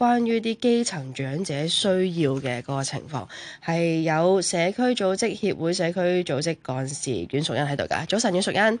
關於啲基層長者需要嘅嗰個情況，係有社區組織協會社區組織幹事阮淑茵喺度㗎。早晨，阮淑茵。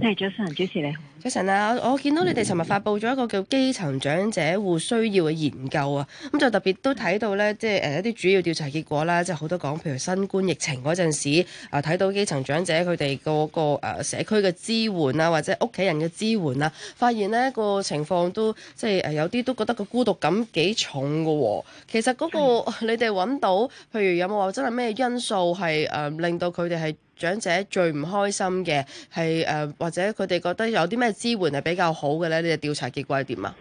係早晨，主持你早晨啊，我見到你哋尋日發佈咗一個叫《基層長者戶需要嘅研究》啊，咁就特別都睇到咧，即係誒一啲主要調查結果啦，即係好多講，譬如新冠疫情嗰陣時啊，睇到基層長者佢哋嗰個社區嘅支援啊，或者屋企人嘅支援啊，發現呢個情況都即係誒有啲都覺得個孤獨感。幾重嘅、哦，其實嗰個你哋搵到，譬如有冇話真係咩因素係誒、呃、令到佢哋係長者最唔開心嘅，係誒、呃、或者佢哋覺得有啲咩支援係比較好嘅呢？你哋調查結果係點啊？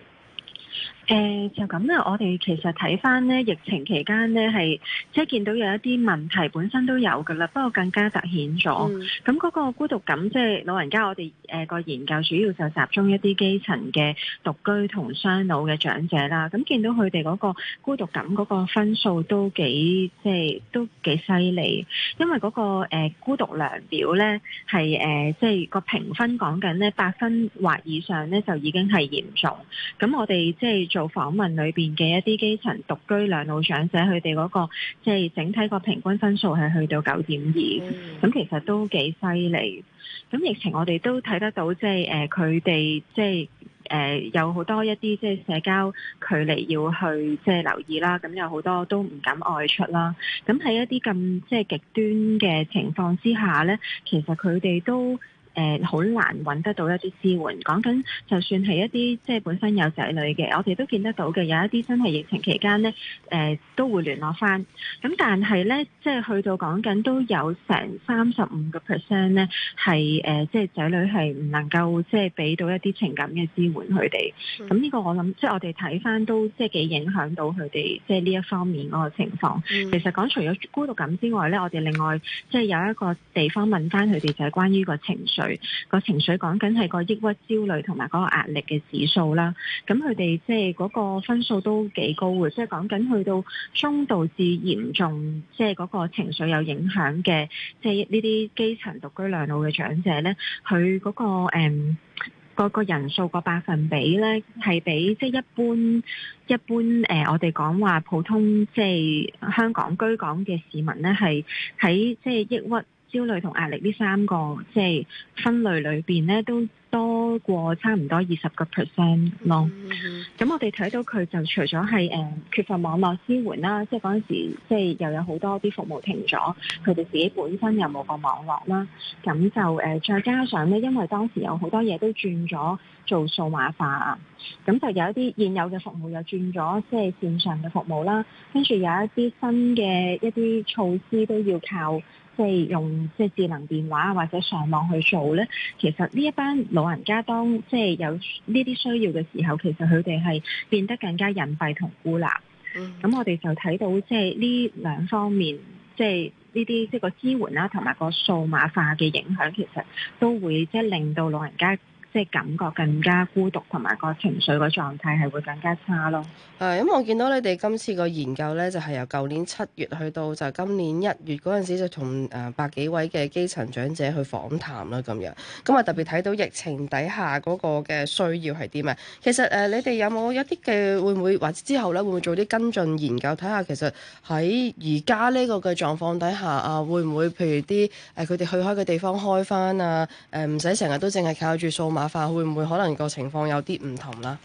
誒、呃、就咁啦，我哋其實睇翻咧，疫情期間咧係即係見到有一啲問題本身都有噶啦，不過更加凸顯咗。咁嗰、嗯、個孤獨感，即係老人家我，我哋誒個研究主要就集中一啲基層嘅獨居同雙老嘅長者啦。咁見到佢哋嗰個孤獨感嗰個分數都幾即係都幾犀利，因為嗰、那個、呃、孤獨量表咧係誒即係個評分講緊咧八分或以上咧就已經係嚴重。咁我哋即係做做訪問裏邊嘅一啲基層獨居兩老長者，佢哋嗰個即係、就是、整體個平均分數係去到九點二，咁其實都幾犀利。咁疫情我哋都睇得到，即係誒佢哋即係誒有好多一啲即係社交距離要去即係、就是、留意啦。咁有好多都唔敢外出啦。咁喺一啲咁即係極端嘅情況之下呢，其實佢哋都誒好、呃、難揾得到一啲支援。講緊就算係一啲即係本身有仔女嘅，我哋都見得到嘅，有一啲真係疫情期間咧，誒、呃、都會聯絡翻。咁但係咧，即係去到講緊都有成三十五個 percent 咧，係誒、呃、即係仔女係唔能夠即係俾到一啲情感嘅支援佢哋。咁呢、mm. 個我諗即係我哋睇翻都即係幾影響到佢哋即係呢一方面嗰個情況。Mm. 其實講除咗孤獨感之外咧，我哋另外即係有一個地方問翻佢哋就係、是、關於個情緒。個情緒講緊係個抑鬱、焦慮同埋嗰個壓力嘅指數啦，咁佢哋即係嗰個分數都幾高嘅，即係講緊去到中度至嚴重，即係嗰個情緒有影響嘅，即係呢啲基層獨居兩老嘅長者咧，佢嗰個誒，個個人數個百分比咧係比即係一般一般誒，我哋講話普通即係香港居港嘅市民咧，係喺即係抑鬱。焦慮同壓力呢三個，即係分類裏邊咧，都多過差唔多二十個 percent 咯。咁、mm hmm. 我哋睇到佢就除咗係誒缺乏網絡支援啦，即係嗰陣時即係又有好多啲服務停咗，佢哋自己本身又冇個網絡啦。咁就誒再加上咧，因為當時有好多嘢都轉咗做數碼化啊，咁就有一啲現有嘅服務又轉咗即係線上嘅服務啦，跟住有一啲新嘅一啲措施都要靠。即係用即係智能電話或者上網去做咧，其實呢一班老人家當即係有呢啲需要嘅時候，其實佢哋係變得更加隱蔽同孤立。嗯，咁我哋就睇到即係呢兩方面，即係呢啲即係個支援啦，同埋個數碼化嘅影響，其實都會即係令到老人家。即係感覺更加孤獨，同埋個情緒個狀態係會更加差咯。誒、嗯，咁我見到你哋今次個研究咧，就係由舊年七月去到就今年一月嗰陣時，就同誒百幾位嘅基層長者去訪談啦。咁樣咁啊，特別睇到疫情底下嗰個嘅需要係啲咩？其實誒、呃，你哋有冇一啲嘅會唔會或者之後咧會唔會做啲跟進研究，睇下其實喺而家呢個嘅狀況底下啊，會唔會譬如啲誒佢哋去開嘅地方開翻啊？誒唔使成日都淨係靠住數碼。化化會唔會可能個情況有啲唔同啦？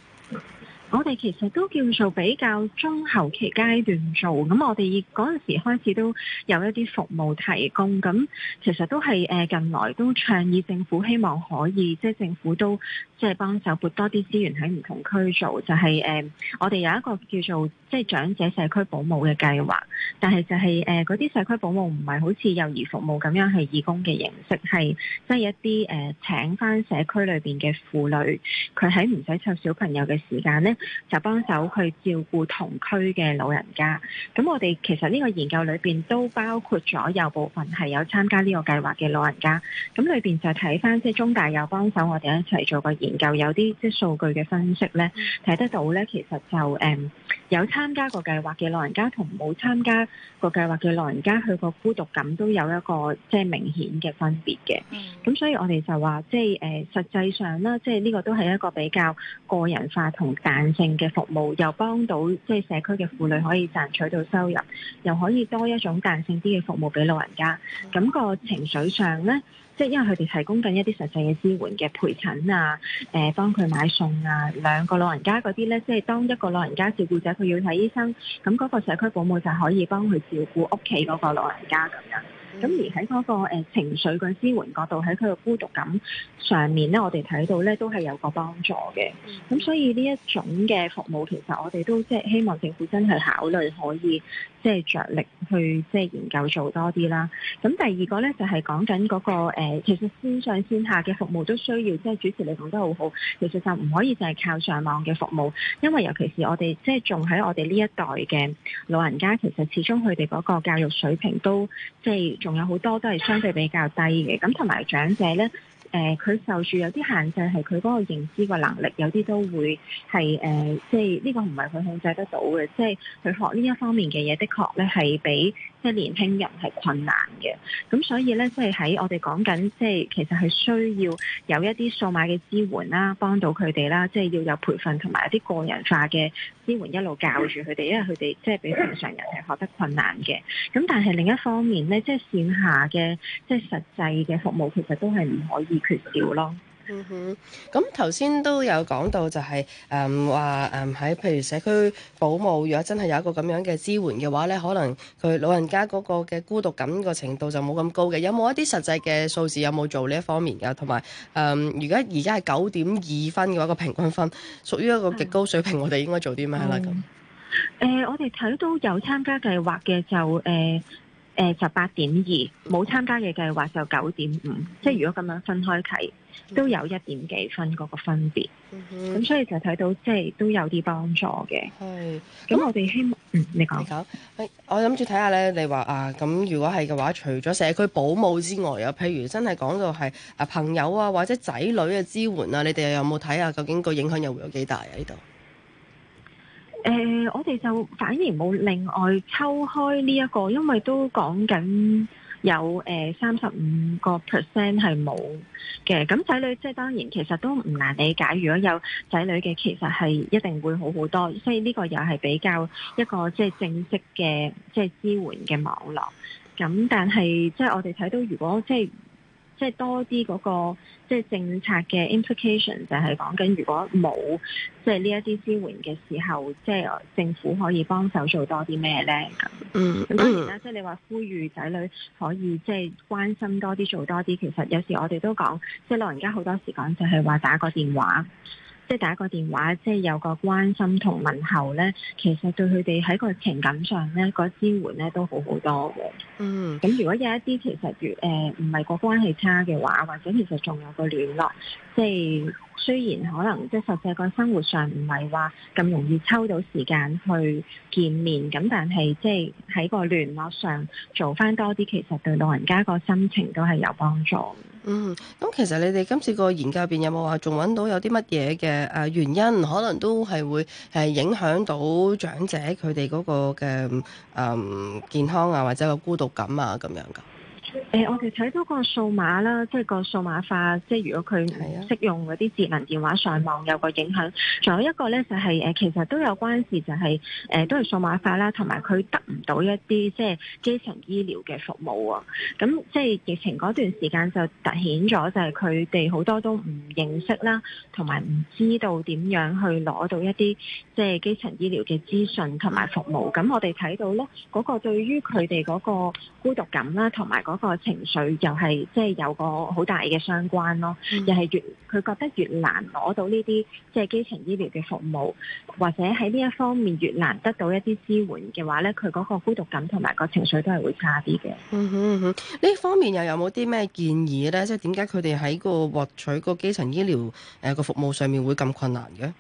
我哋其實都叫做比較中後期階段做，咁我哋嗰陣時開始都有一啲服務提供，咁其實都係誒、呃、近來都倡議政府希望可以，即、就、係、是、政府都即係幫手撥多啲資源喺唔同區做，就係、是、誒、呃、我哋有一個叫做即係、就是、長者社區保姆嘅計劃，但係就係誒嗰啲社區保姆唔係好似幼兒服務咁樣係義工嘅形式，係即係一啲誒、呃、請翻社區裏邊嘅婦女，佢喺唔使湊小朋友嘅時間咧，就幫手去照顧同區嘅老人家。咁我哋其實呢個研究裏邊都包括咗有部分係有參加呢個計劃嘅老人家。咁裏邊就睇返即係中大有幫手我哋一齊做個研究，有啲即係數據嘅分析呢，睇得到呢其實就誒。嗯有參加過計劃嘅老人家同冇參加過計劃嘅老人家，佢個孤獨感都有一個即係、就是、明顯嘅分別嘅。咁、mm hmm. 所以我哋就話，即係誒實際上咧，即係呢個都係一個比較個人化同彈性嘅服務，又幫到即係、就是、社區嘅婦女可以賺取到收入，又可以多一種彈性啲嘅服務俾老人家。咁、mm hmm. 個情緒上呢。即係因為佢哋提供緊一啲實際嘅支援嘅陪診啊，誒、呃，幫佢買餸啊，兩個老人家嗰啲咧，即係當一個老人家照顧者，佢要睇醫生，咁嗰個社區保姆就可以幫佢照顧屋企嗰個老人家咁樣。咁、嗯、而喺嗰、那個、呃、情緒嘅支援角度，喺佢嘅孤獨感上面咧，我哋睇到咧都係有個幫助嘅。咁、嗯嗯、所以呢一種嘅服務，其實我哋都即係希望政府真係考慮，可以即係着力去即係研究做多啲啦。咁、嗯、第二個咧就係、是、講緊、那、嗰個、呃、其實線上線下嘅服務都需要，即係主持你講得好好，其實就唔可以淨係靠上網嘅服務，因為尤其是我哋即係仲喺我哋呢一代嘅老人家，其實始終佢哋嗰個教育水平都即係。仲有好多都係相對比較低嘅，咁同埋長者咧，誒、呃、佢受住有啲限制，係佢嗰個認知嘅能力，有啲都會係誒，即係呢個唔係佢控制得到嘅，即係佢學呢一方面嘅嘢，的確咧係比。即係年輕人係困難嘅，咁所以呢，即係喺我哋講緊，即係其實係需要有一啲數碼嘅支援啦，幫到佢哋啦，即係要有培訓同埋一啲個人化嘅支援，一路教住佢哋，因為佢哋即係比正常人係學得困難嘅。咁但係另一方面呢，即係線下嘅即係實際嘅服務，其實都係唔可以缺少咯。嗯哼，咁頭先都有講到就係誒，話誒喺譬如社區保姆，如果真係有一個咁樣嘅支援嘅話咧，可能佢老人家嗰個嘅孤獨感個程度就冇咁高嘅。有冇一啲實際嘅數字？有冇做呢一方面㗎？同埋誒，如果而家係九點二分嘅話，個平均分屬於一個極高水平，是我哋應該做啲咩啦？咁誒是那、呃，我哋睇到有參加計劃嘅就誒誒十八點二，冇、呃呃、參加嘅計劃就九點五，即係如果咁樣分開睇。都有一點幾分嗰個分別，咁、mm hmm. 嗯、所以就睇到即係都有啲幫助嘅。係是，咁我哋希望，嗯，你講，我諗住睇下咧，你話啊，咁如果係嘅話，除咗社區保姆之外，有譬如真係講到係啊朋友啊或者仔女嘅支援啊，你哋有冇睇下究竟個影響又會有幾大呢度？誒、呃，我哋就反而冇另外抽開呢、這、一個，因為都講緊。有誒三十五個 percent 係冇嘅，咁、呃、仔女即係當然其實都唔難理解。如果有仔女嘅，其實係一定會好好多，所以呢個又係比較一個即係正式嘅即係支援嘅網絡。咁但係即係我哋睇到，如果即係。即係多啲嗰個即係政策嘅 implication，就係講緊如果冇即係呢一啲支援嘅時候，即係政府可以幫手做多啲咩咧？嗯，咁當然啦，即係你話呼籲仔女可以即係關心多啲，做多啲。其實有時我哋都講，即係老人家好多時講就係話打個電話。即係打個電話，即係有個關心同問候咧，其實對佢哋喺個情感上咧，個支援咧都好好多嘅。嗯，咁如果有一啲其實越誒唔係個關係差嘅話，或者其實仲有個聯絡，即係雖然可能即係實際個生活上唔係話咁容易抽到時間去見面，咁但係即係喺個聯絡上做返多啲，其實對老人家個心情都係有幫助。嗯，咁其實你哋今次個研究入邊，有冇話仲揾到有啲乜嘢嘅誒原因，可能都係會係影響到長者佢哋嗰個嘅誒、嗯、健康啊，或者個孤獨感啊咁樣噶？誒、欸，我哋睇到個數碼啦，即係個數碼化，即係如果佢唔識用嗰啲智能電話上網有個影響。仲有一個咧，就係、是、誒，其實都有關事，就係、是、誒、呃，都係數碼化啦，同埋佢得唔到一啲即係基層醫療嘅服務啊。咁即係疫情嗰段時間就突顯咗，就係佢哋好多都唔認識啦，同埋唔知道點樣去攞到一啲即係基層醫療嘅資訊同埋服務。咁我哋睇到咧，嗰、那個對於佢哋嗰個孤獨感啦，同埋嗰。個情緒就係即係有個好大嘅相關咯，嗯、又係越佢覺得越難攞到呢啲即係基層醫療嘅服務，或者喺呢一方面越難得到一啲支援嘅話咧，佢嗰個孤獨感同埋個情緒都係會差啲嘅。嗯哼，嗯哼，呢方面又有冇啲咩建議咧？即係點解佢哋喺個獲取個基層醫療誒個服務上面會咁困難嘅？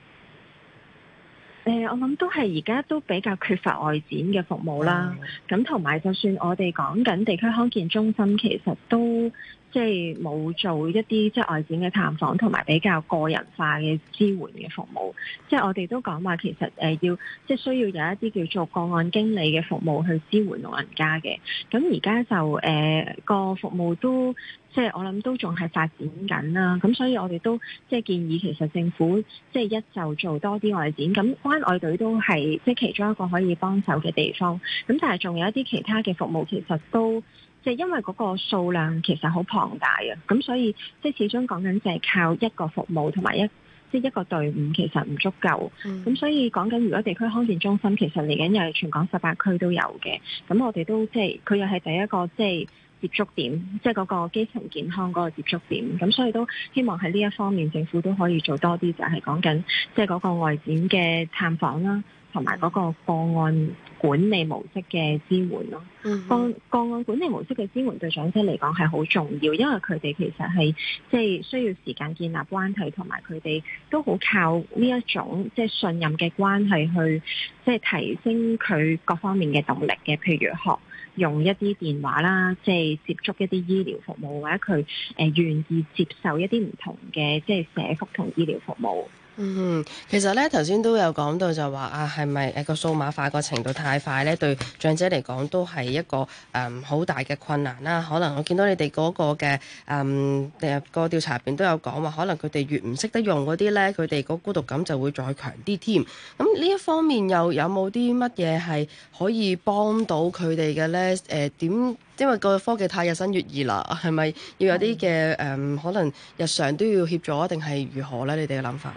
誒、呃，我諗都係而家都比較缺乏外展嘅服務啦。咁同埋，就算我哋講緊地區康健中心，其實都。即係冇做一啲即係外展嘅探訪，同埋比較個人化嘅支援嘅服務。即係我哋都講話，其實誒要即係需要有一啲叫做個案經理嘅服務去支援老人家嘅。咁而家就誒個、呃、服務都即係我諗都仲係發展緊啦。咁所以我哋都即係建議其實政府即係一就做多啲外展。咁關外隊都係即係其中一個可以幫手嘅地方。咁但係仲有一啲其他嘅服務，其實都。就因為嗰個數量其實好龐大啊，咁所以即係始終講緊就係靠一個服務同埋一即係一個隊伍其實唔足夠，咁、嗯、所以講緊如果地區康健中心其實嚟緊又係全港十八區都有嘅，咁我哋都即係佢又係第一個即係接觸點，即係嗰個基層健康嗰個接觸點，咁所以都希望喺呢一方面政府都可以做多啲，就係講緊即係嗰個外展嘅探訪啦。同埋嗰個個案管理模式嘅支援咯，個、mm hmm. 個案管理模式嘅支援對長者嚟講係好重要，因為佢哋其實係即係需要時間建立關係，同埋佢哋都好靠呢一種即係信任嘅關係去即係提升佢各方面嘅動力嘅，譬如學用一啲電話啦，即係接觸一啲醫療服務，或者佢誒願意接受一啲唔同嘅即係社福同醫療服務。嗯，哼，其實咧，頭先都有講到就，就話啊，係咪誒個數碼化個程度太快咧，對長者嚟講都係一個誒好、嗯、大嘅困難啦。可能我見到你哋嗰個嘅誒、嗯個調查入邊都有講話，可能佢哋越唔識得用嗰啲咧，佢哋個孤獨感就會再強啲添。咁、嗯、呢一方面又有冇啲乜嘢係可以幫到佢哋嘅咧？誒、呃、點因為個科技太日新月異啦，係咪要有啲嘅誒可能日常都要協助啊？定係如何咧？你哋嘅諗法？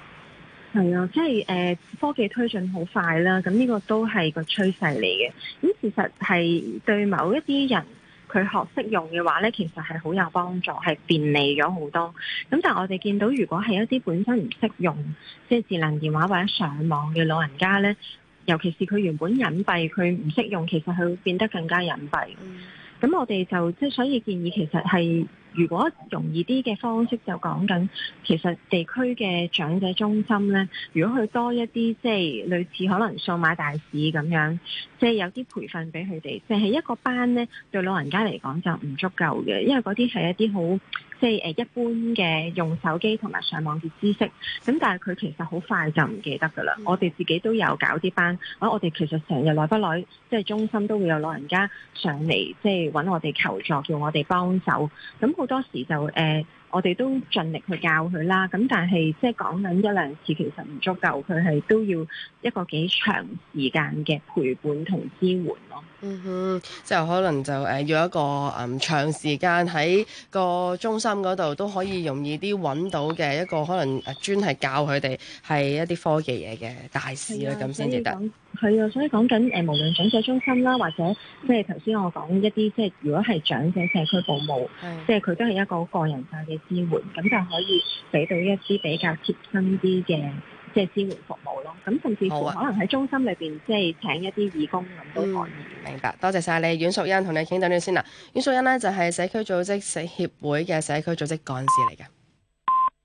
係啊，即係誒、呃、科技推進好快啦，咁呢個都係個趨勢嚟嘅。咁事實係對某一啲人，佢學識用嘅話呢，其實係好有幫助，係便利咗好多。咁但係我哋見到，如果係一啲本身唔識用，即係智能電話或者上網嘅老人家呢，尤其是佢原本隱蔽，佢唔識用，其實佢會變得更加隱蔽。嗯，咁我哋就即係所以建議，其實係。如果容易啲嘅方式就講緊，其實地區嘅長者中心咧，如果佢多一啲，即係類似可能數碼大使咁樣，即係有啲培訓俾佢哋，即係一個班咧對老人家嚟講就唔足夠嘅，因為嗰啲係一啲好即係誒一般嘅用手機同埋上網嘅知識，咁但係佢其實好快就唔記得噶啦。嗯、我哋自己都有搞啲班，啊、我哋其實成日耐不耐，即係中心都會有老人家上嚟，即係揾我哋求助，叫我哋幫手，咁、嗯、我。多時就誒，我哋都盡力去教佢啦。咁但係即係講緊一兩次，其實唔足夠。佢係都要一個幾長時間嘅陪伴同支援咯。嗯哼，即係可能就誒要一個誒長時間喺個中心嗰度都可以容易啲揾到嘅一個可能專係教佢哋係一啲科技嘢嘅大使啦，咁先至得。係啊，所以講緊誒，無論長者中心啦，或者即係頭先我講一啲，即、就、係、是、如果係長者社區服務，即係佢都係一個個人化嘅支援，咁就可以俾到一啲比較貼身啲嘅即係支援服務咯。咁甚至乎可能喺中心裏邊即係請一啲義工咁都可以、啊嗯。明白，多謝晒你，阮淑茵，同你傾等住先啦。阮淑茵咧就係社區組織社協會嘅社區組織幹事嚟嘅。嗯。